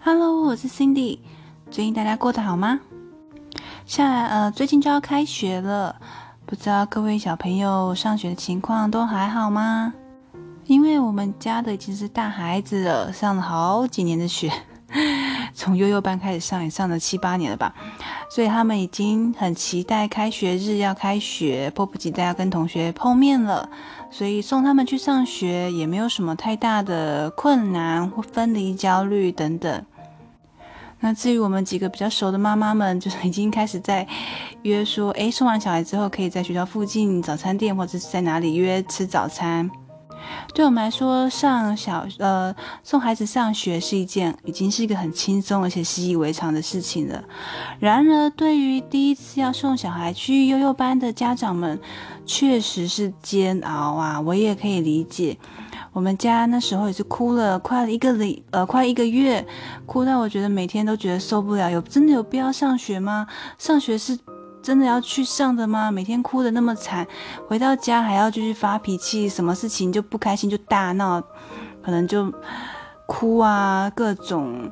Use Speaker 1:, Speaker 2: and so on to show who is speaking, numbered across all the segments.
Speaker 1: Hello，我是 Cindy，最近大家過得好嗎？下來，呃，最近就要開學了，不知道各位小朋友上學的情況都還好嗎？因為我們家的已經是大孩子了，上了好幾年的學，從幼幼班開始上，也上了七八年了吧，所以他們已經很期待開學日要開學，迫不及待要跟同學碰面了。所以送他們去上學也沒有什麼太大的困難或分離焦慮等等。那至於我們幾個比較熟的媽媽們，就是已經開始在約說，誒、欸，送完小孩之後可以在學校附近早餐店或者是在哪裡約吃早餐。對我們來說，上小呃，送孩子上學是一件已經是一個很輕鬆而且習以為常的事情了。然而，對於第一次要送小孩去幼幼班的家長們，確實是煎熬啊！我也可以理解，我們家那時候也是哭了快一個禮呃，快一個月，哭到我覺得每天都覺得受不了。有真的有必要上學嗎？上學是。真的要去上的嗎？每天哭得那麼慘，回到家還要繼續發脾氣，什麼事情就不開心就大鬧，可能就哭啊，各種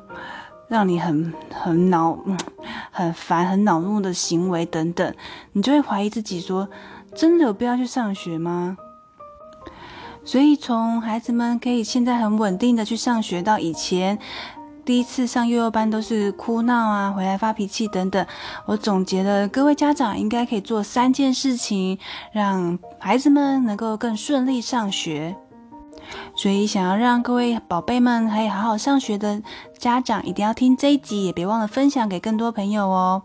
Speaker 1: 讓你很很惱、很煩、很惱怒的行為等等，你就會懷疑自己說，真的有必要去上學嗎？所以從孩子們可以現在很穩定的去上學到以前。第一次上幼幼班都是哭鬧啊，回來發脾氣等等。我總結了，各位家長應該可以做三件事情，讓孩子們能夠更順利上學。所以，想要讓各位寶貝們可以好好上學的家長，一定要聽這一集，也別忘了分享給更多朋友哦。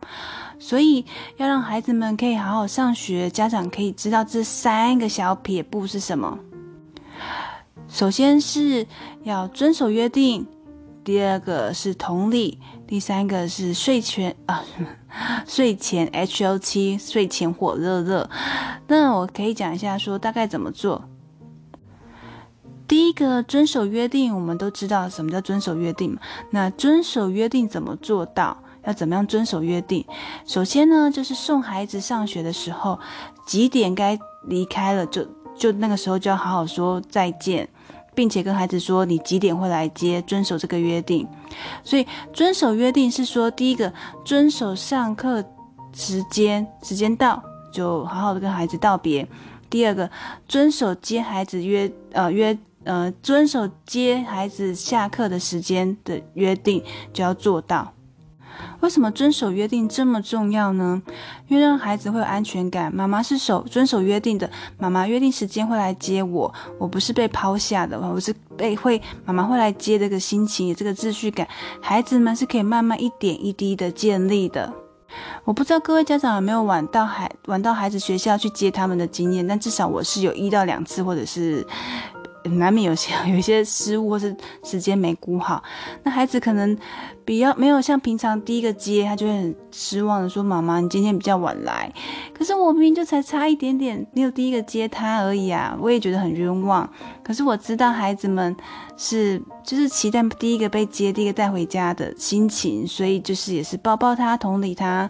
Speaker 1: 所以，要讓孩子們可以好好上學，家長可以知道這三個小撇步是什麼。首先是要遵守約定。第二個是同理，第三個是睡前啊，睡前 H O T，睡前火熱熱。那我可以講一下，說大概怎麼做。第一個遵守約定，我們都知道什麼叫遵守約定嘛。那遵守約定怎麼做到？要怎麼樣遵守約定？首先呢，就是送孩子上學的時候，幾點該離開了，就就那個時候就要好好說再見。並且跟孩子說，你幾點會來接，遵守這個約定。所以遵守約定是說，第一個遵守上課時間，時間到就好好的跟孩子道別；第二個遵守接孩子約呃約呃遵守接孩子下課的時間的約定，就要做到。為什麼遵守約定這麼重要呢？因為讓孩子會有安全感，媽媽是守遵守約定的。媽媽約定時間會來接我，我不是被拋下的，我是被會媽媽會來接這個心情，這個秩序感，孩子們是可以慢慢一點一滴的建立的。我不知道各位家長有沒有晚到孩晚到孩子學校去接他們的經驗，但至少我是有一到兩次或者是。難免有些有一些失誤，或是時間沒估好，那孩子可能比較沒有像平常第一個接，他就會很失望的說：“媽媽，你今天比較晚來，可是我明明就才差一點點，沒有第一個接他而已啊！”我也覺得很冤枉。可是我知道孩子們是就是期待第一個被接，第一個帶回家的心情，所以就是也是抱抱他，同理他。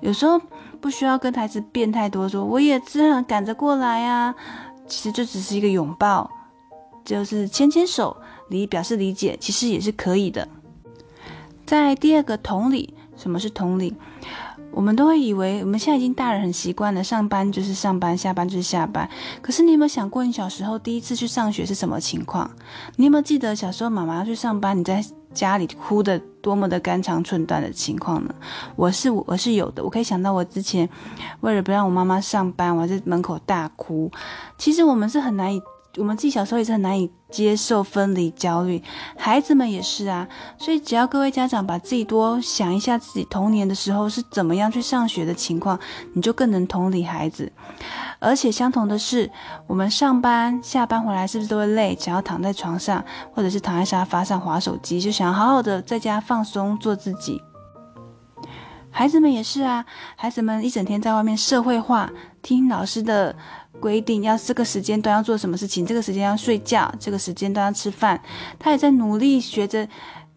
Speaker 1: 有時候不需要跟孩子辯太多，說我也真的很趕着過來啊。其實就只是一個擁抱。就是牽牽手，你表示理解，其實也是可以的。在第二個同理，什麼是同理？我們都會以為我們現在已經大人很習慣了，上班就是上班，下班就是下班。可是你有沒有想過，你小時候第一次去上學是什麼情況？你有沒有記得小時候媽媽要去上班，你在家裡哭得多麼的肝腸寸斷的情況呢？我是我是有的，我可以想到我之前為了不讓我媽媽上班，我在門口大哭。其實我們是很難以。我們自己小時候也是很難以接受分離焦慮，孩子們也是啊，所以只要各位家長把自己多想一下自己童年的時候是怎麼樣去上學的情況，你就更能同理孩子。而且相同的是，我們上班下班回來是不是都會累，想要躺在床上，或者是躺在沙發上滑手機，就想要好好的在家放鬆做自己。孩子們也是啊，孩子們一整天在外面社會化，聽聽老師的。規定要這個時間段要做什麼事情，這個時間要睡覺，這個時間段要吃飯。他也在努力學着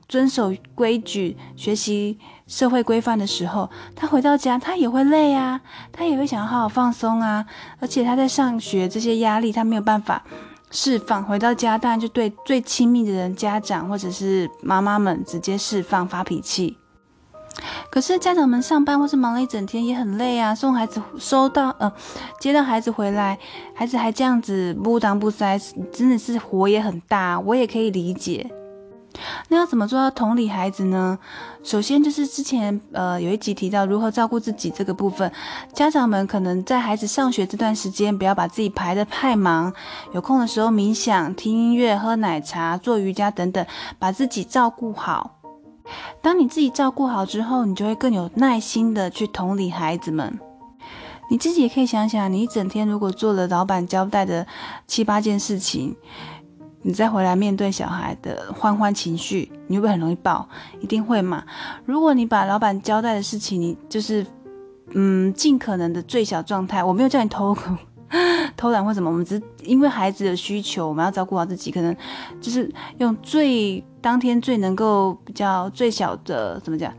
Speaker 1: 遵守規矩、學習社會規範的時候，他回到家他也會累啊，他也會想要好好放鬆啊。而且他在上學這些壓力他沒有辦法釋放，回到家當然就對最親密的人——家長或者是媽媽們直接釋放發脾氣。可是家長們上班或是忙了一整天也很累啊，送孩子收到呃，接到孩子回來，孩子還這樣子不當不塞，真的是火也很大，我也可以理解。那要怎麼做到同理孩子呢？首先就是之前呃，有一集提到如何照顧自己這個部分，家長們可能在孩子上學這段時間不要把自己排得太忙，有空的時候冥想、聽音樂、喝奶茶、做瑜伽等等，把自己照顧好。當你自己照顧好之後，你就會更有耐心的去同理孩子們。你自己也可以想想，你一整天如果做了老板交代的七八件事情，你再回來面對小孩的歡歡情緒，你會不會很容易爆？一定會嘛。如果你把老板交代的事情，你就是嗯盡可能的最小狀態，我沒有叫你偷工。偷懶或什麼，我們只是因為孩子的需求，我們要照顧好自己，可能就是用最當天最能夠比較最小的怎麼講，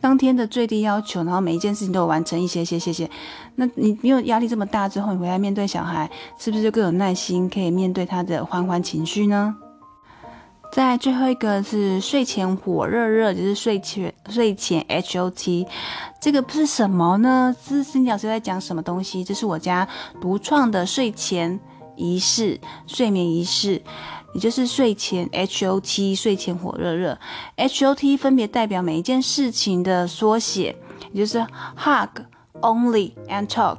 Speaker 1: 當天的最低要求，然後每一件事情都有完成一些些謝謝。那你沒有壓力這麼大之後，你回來面對小孩，是不是就更有耐心，可以面對他的歡歡情緒呢？在，最後一個是睡前火熱熱，就是睡前睡前 H O T，這個不是什麼呢？是金老師在講什麼東西？這是我家獨創的睡前儀式、睡眠儀式，也就是睡前 H O T，睡前火熱熱，H O T 分別代表每一件事情的縮寫，也就是 Hug Only and Talk。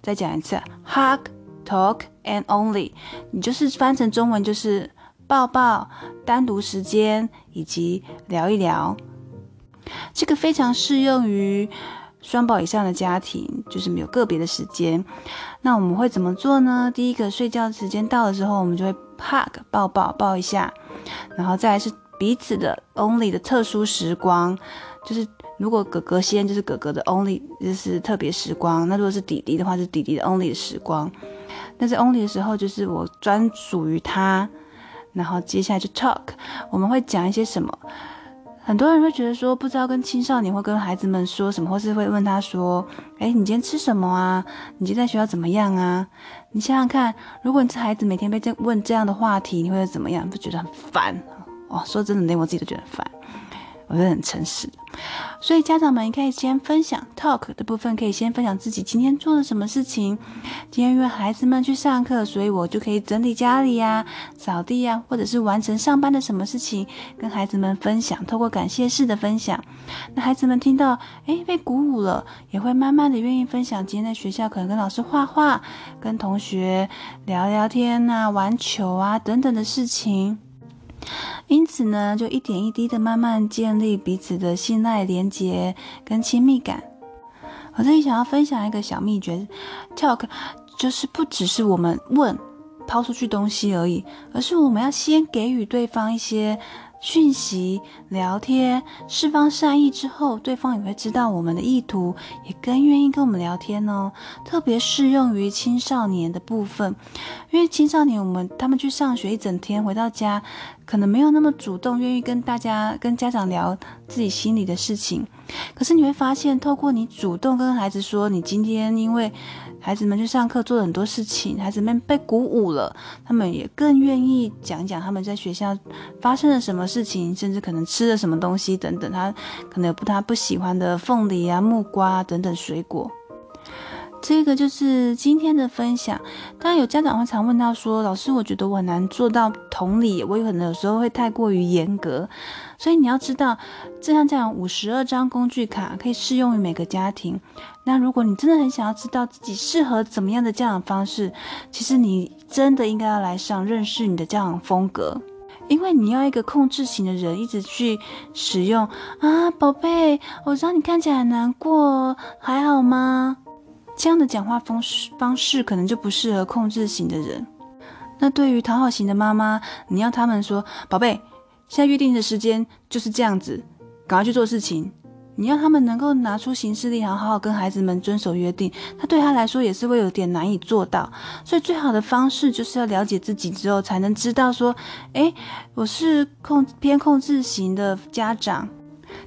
Speaker 1: 再講一次，Hug Talk and Only。你就是翻成中文就是。抱抱，單獨時間以及聊一聊，這個非常適用於雙寶以上的家庭，就是沒有個別的時間。那我們會怎麼做呢？第一個，睡覺時間到的時候，我們就會 hug 抱抱抱一下，然後再來是彼此的 only 的特殊時光，就是如果哥哥先，就是哥哥的 only 就是特別時光。那如果是弟弟的話，是弟弟的 only 的時光。那在 only 的時候，就是我專屬於他。然後接下來就 talk，我們會講一些什麼？很多人會覺得說，不知道跟青少年會跟孩子們說什麼，或是會問他說：“哎，你今天吃什麼啊？你今天在學校怎麼樣啊？”你想想看，如果你是孩子每天被問這樣的話題，你會怎麼樣？不覺得很煩？哇、哦，說真的，連我自己都覺得很煩。我是很誠實的，所以家長們也可以先分享 talk 的部分，可以先分享自己今天做了什麼事情。今天因為孩子們去上課，所以我就可以整理家裡呀、啊、掃地啊，或者是完成上班的什麼事情，跟孩子們分享。透過感謝式的分享，那孩子們聽到，誒，被鼓舞了，也會慢慢的願意分享今天在學校可能跟老師畫畫、跟同學聊聊天啊、玩球啊等等的事情。因此呢，就一點一滴的慢慢建立彼此的信賴、連結跟親密感。我自己想要分享一個小祕訣，talk 就是不只是我們問、拋出去東西而已，而是我們要先給予對方一些。訊息聊天，釋放善意之後，對方也會知道我們的意圖，也更願意跟我們聊天哦。特別適用於青少年的部分，因為青少年我們他們去上學一整天，回到家可能沒有那麼主動願意跟大家、跟家長聊自己心裡的事情。可是你會發現，透過你主動跟孩子說，你今天因為。孩子們去上課，做了很多事情，孩子們被鼓舞了，他們也更願意講一講他們在學校發生了什麼事情，甚至可能吃了什麼東西等等，他可能有他不喜歡的鳳梨啊、木瓜啊等等水果。這個就是今天的分享。當然，有家長會常問到說：“老師，我覺得我很難做到同理，我也可能有時候會太過於嚴格。”所以你要知道，這樣這樣五十二張工具卡可以適用於每個家庭。那如果你真的很想要知道自己適合怎麼樣的教養方式，其實你真的應該要來上認識你的教養風格，因為你要一個控制型的人一直去使用啊，寶貝，我知道你看起來難過，還好嗎？這樣的講話方式方式可能就不適合控制型的人。那對於討好型的媽媽，你要他們說：“寶貝，現在約定的時間就是這樣子，趕快去做事情。”你要他們能夠拿出行事力，好好好跟孩子們遵守約定，那對他來說也是會有點難以做到。所以最好的方式就是要了解自己之後，才能知道說：“誒，我是控，偏控制型的家長。”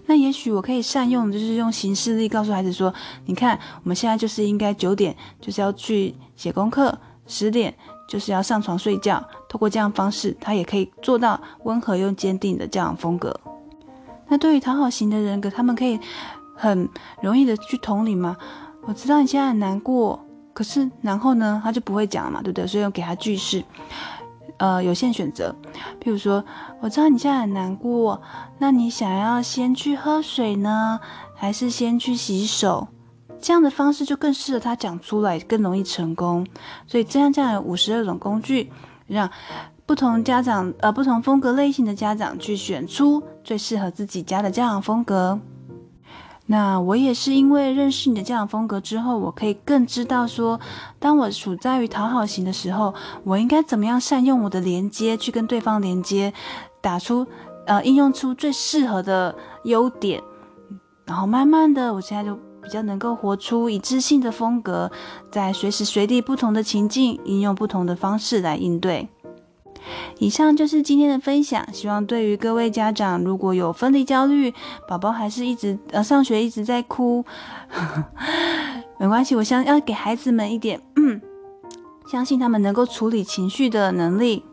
Speaker 1: 那也許我可以善用，就是用行事曆告訴孩子說，你看我們現在就是應該九點就是要去寫功課，十點就是要上床睡覺。透過這樣的方式，他也可以做到溫和又堅定的教養風格。那對於討好型的人格，他們可以很容易的去同理嘛？我知道你現在很難過，可是然後呢，他就不會講了嘛，對不對？所以要給他句式。呃，有限選擇，譬如說，我知道你現在很難過，那你想要先去喝水呢，還是先去洗手？這樣的方式就更適合他講出來，更容易成功。所以這樣這樣有五十二種工具，讓不同家長呃不同風格類型的家長去選出最適合自己家的教養風格。那我也是因為認識你的這樣的風格之後，我可以更知道說，當我處在於討好型的時候，我應該怎麼樣善用我的連接去跟對方連接，打出呃應用出最適合的優點，然後慢慢的，我現在就比較能夠活出一致性的風格，在隨時隨地不同的情境應用不同的方式來應對。以上就是今天的分享，希望對於各位家長，如果有分離焦慮，寶寶還是一直呃上學一直在哭， 沒關係，我想要給孩子們一點，嗯，相信他們能夠處理情緒的能力。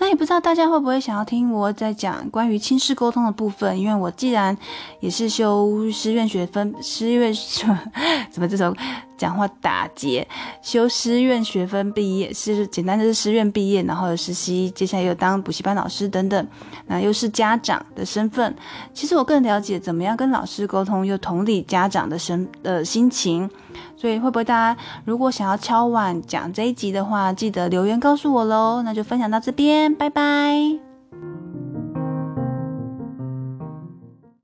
Speaker 1: 那也不知道大家會不會想要聽我在講關於親師溝通的部分，因為我既然也是修師院學分，師院什麼什麼這種。講話打劫，修師院學分畢業，是簡單就是師院畢業，然後有實習，接下來又當補習班老師等等，那又是家長的身份。其實我更了解怎麼樣跟老師溝通，又同理家長的身呃心情，所以會不會大家如果想要敲碗講這一集的話，記得留言告訴我嘍。那就分享到這邊，拜拜。